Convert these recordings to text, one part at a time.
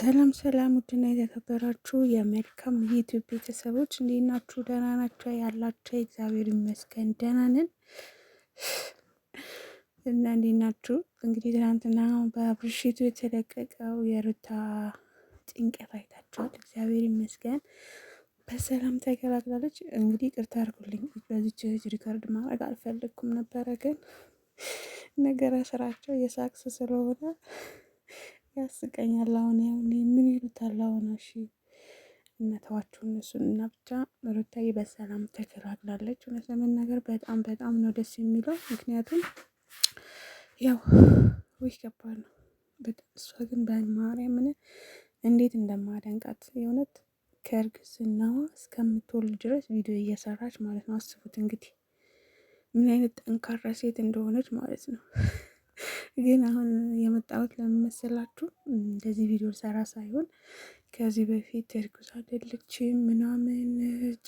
ሰላም ሰላም፣ ውድና የተከበራችሁ የመልካም ዩቲዩብ ቤተሰቦች እንዴት ናችሁ? ደህና ናችሁ ያላችሁ? እግዚአብሔር ይመስገን ደህና ነን እና እንዴት ናችሁ? እንግዲህ ትናንትና በብርሽቱ የተለቀቀው የሩታ ጭንቀት አይታችኋል። እግዚአብሔር ይመስገን በሰላም ተገላግላለች። እንግዲህ ቅርታ አርጉልኝ በዚች ህጅ ሪከርድ ማድረግ አልፈለግኩም ነበረ፣ ግን ነገረ ስራቸው የሳክስ ስለሆነ ያስቀኛል። አሁን ያው ምን ይሉታል አሁን እሺ እነተዋችሁ እነሱን እና ብቻ ሩታዬ በሰላም ተገላግላለች። እውነት ለመናገር በጣም በጣም ነው ደስ የሚለው ምክንያቱም ያው ውይ ከባድ ነው በጣም እሷ ግን በማርያምን እንዴት እንደማደንቃት የእውነት ከእርግዝናዋ እስከምትወልድ ድረስ ቪዲዮ እየሰራች ማለት ነው። አስቡት እንግዲህ ምን አይነት ጠንካራ ሴት እንደሆነች ማለት ነው። ግን አሁን የመጣሁት ለምን መሰላችሁ? እንደዚህ ቪዲዮ ሰራ ሳይሆን ከዚህ በፊት እርጉዝ አይደለችም ምናምን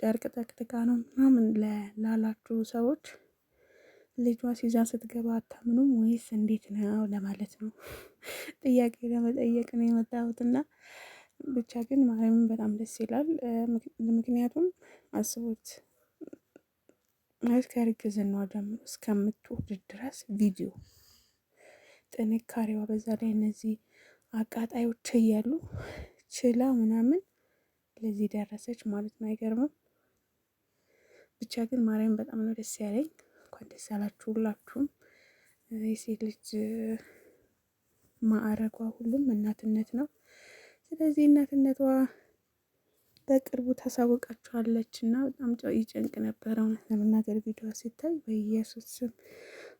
ጨርቅ ጠቅጥቃ ነው ምናምን ላላችሁ ሰዎች ልጇ ሲዛ ስትገባ አታምኑም ወይስ እንዴት ነው ለማለት ነው ጥያቄ ለመጠየቅ ነው የመጣሁት እና ብቻ ግን ማርያምን በጣም ደስ ይላል። ምክንያቱም አስቡት ከእርግዝናዋ ጀምሮ እስከምትወድ ድረስ ቪዲዮ ጥንካሬዋ በዛ ላይ እነዚህ አቃጣዮች እያሉ ችላ ምናምን ለዚህ ደረሰች ማለት ነው። አይገርምም? ብቻ ግን ማርያም በጣም ነው ደስ ያለኝ። እንኳን ደስ ያላችሁ ሁላችሁም። የሴት ልጅ ማዕረጓ ሁሉም እናትነት ነው። ስለዚህ እናትነቷ በቅርቡ ታሳውቃችኋለች እና በጣም ይጨንቅ ነበረ እውነት ለመናገር ቪዲዮ ሲታይ በኢየሱስ ስም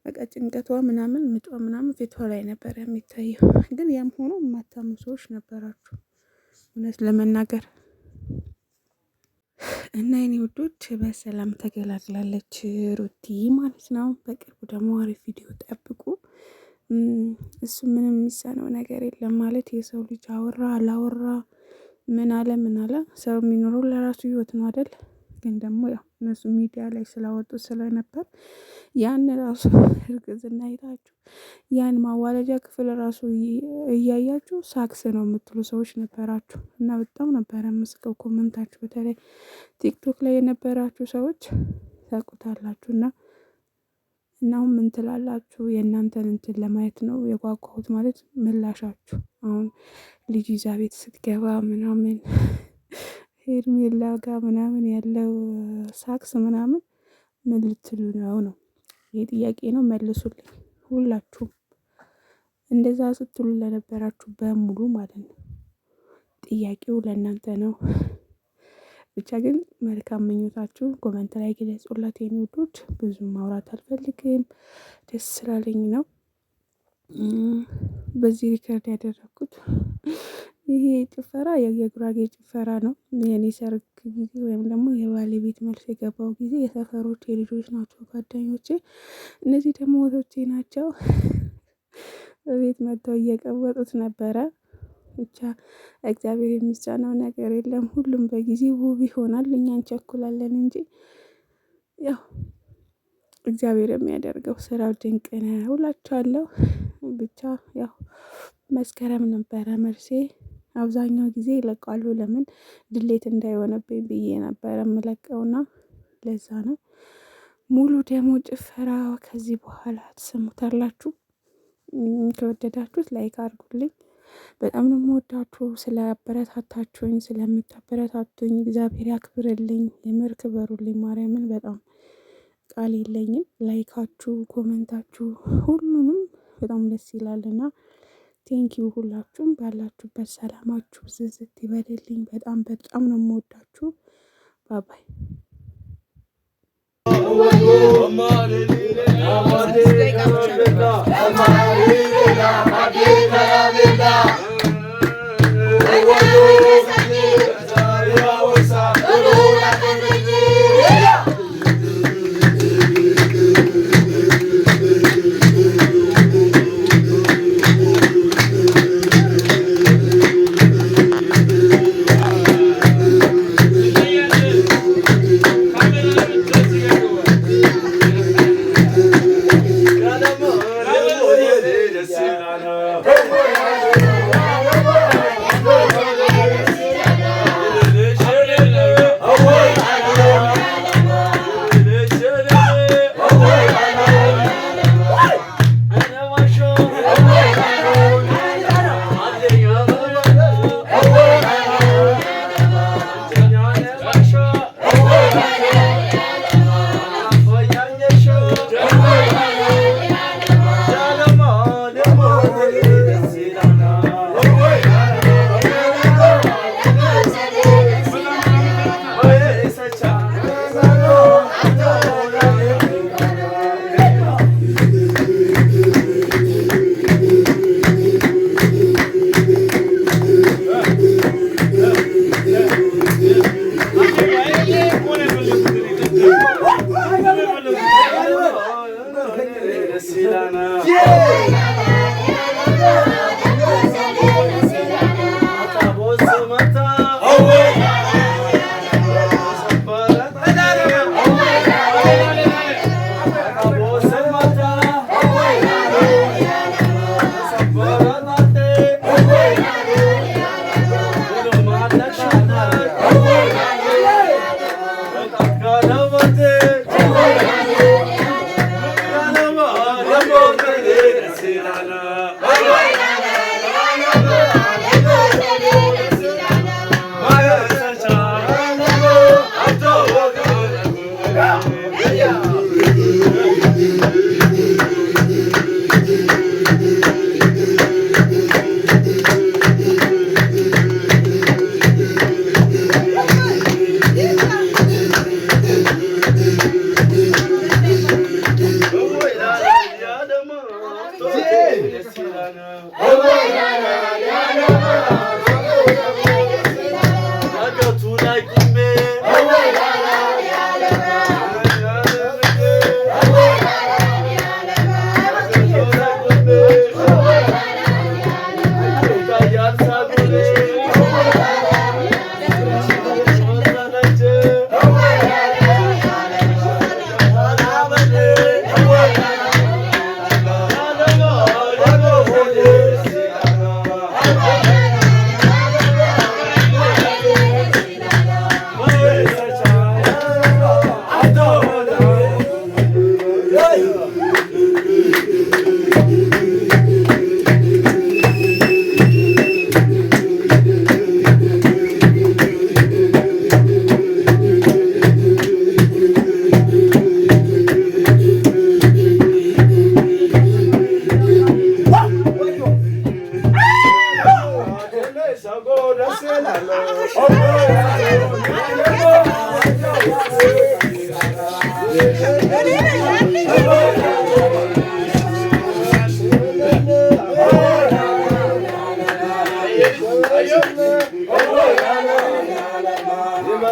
በቃ ጭንቀቷ ምናምን ምጧ ምናምን ፊቷ ላይ ነበር የሚታየው። ግን ያም ሆኖ የማታምኑ ሰዎች ነበራችሁ እውነት ለመናገር እና የኔ ውዶች በሰላም ተገላግላለች ሩቲ ማለት ነው። በቅርቡ ደግሞ አሪፍ ቪዲዮ ጠብቁ። እሱ ምንም የሚሳነው ነገር የለም ማለት የሰው ልጅ አወራ አላወራ ምን አለ ምን አለ ሰው የሚኖረው ለራሱ ህይወት ነው አደል? ግን ደግሞ ያው እነሱ ሚዲያ ላይ ስላወጡ ስለነበር ያን ራሱ እርግዝና አይታችሁ ያን ማዋለጃ ክፍል ራሱ እያያችሁ ሳክስ ነው የምትሉ ሰዎች ነበራችሁ። እና በጣም ነበረ ምስቀው ኮመንታችሁ፣ በተለይ ቲክቶክ ላይ የነበራችሁ ሰዎች ታውቁታላችሁ እና እናሁም ምን ትላላችሁ? የእናንተን እንትን ለማየት ነው የጓጓሁት ማለት ምላሻችሁ። አሁን ልጅ ይዛ ቤት ስትገባ ምናምን ሄርሜላ ጋር ምናምን ያለው ሳክስ ምናምን ምን ልትሉ ነው ነው? ይህ ጥያቄ ነው፣ መልሱልኝ ሁላችሁም። እንደዛ ስትሉ ለነበራችሁ በሙሉ ማለት ነው። ጥያቄው ለእናንተ ነው። ብቻ ግን መልካም ምኞታችሁ ኮመንት ላይ ገለጹላት። የሚወዱት ብዙ ማውራት አልፈልግም፣ ደስ ስላለኝ ነው በዚህ ሪከርድ ያደረግኩት። ይሄ ጭፈራ የጉራጌ ጭፈራ ነው። የኔ ሰርግ ጊዜ ወይም ደግሞ የባለቤት መልስ የገባው ጊዜ የሰፈሮች የልጆች ናቸው ጓደኞቼ። እነዚህ ደግሞ ወቶቼ ናቸው። በቤት መጥተው እየቀወጡት ነበረ። ብቻ እግዚአብሔር የሚጫነው ነገር የለም። ሁሉም በጊዜ ውብ ይሆናል። እኛ እንቸኩላለን እንጂ ያው እግዚአብሔር የሚያደርገው ስራው ድንቅ ነው እላችኋለሁ። ብቻ ያው መስከረም ነበረ መልሴ። አብዛኛው ጊዜ ይለቃሉ ለምን ድሌት እንዳይሆነብኝ ብዬ ነበር የምለቀውና ለዛ ነው። ሙሉ ደግሞ ጭፈራ ከዚህ በኋላ ትሰሙታላችሁ። ከወደዳችሁት ላይክ አድርጉልኝ። በጣም ነው የምወዳችሁ። ስለ አበረታታችሁኝ ስለምታበረታቱኝ እግዚአብሔር ያክብርልኝ። የምር ክበሩልኝ። ማርያምን በጣም ቃል የለኝም። ላይካችሁ፣ ኮመንታችሁ ሁሉንም በጣም ደስ ይላልና ቴንኪው ሁላችሁም ባላችሁበት ሰላማችሁ ዝዝት ይበልልኝ። በጣም በጣም ነው የምወዳችሁ። ባባይ Thank you. Banana. عدو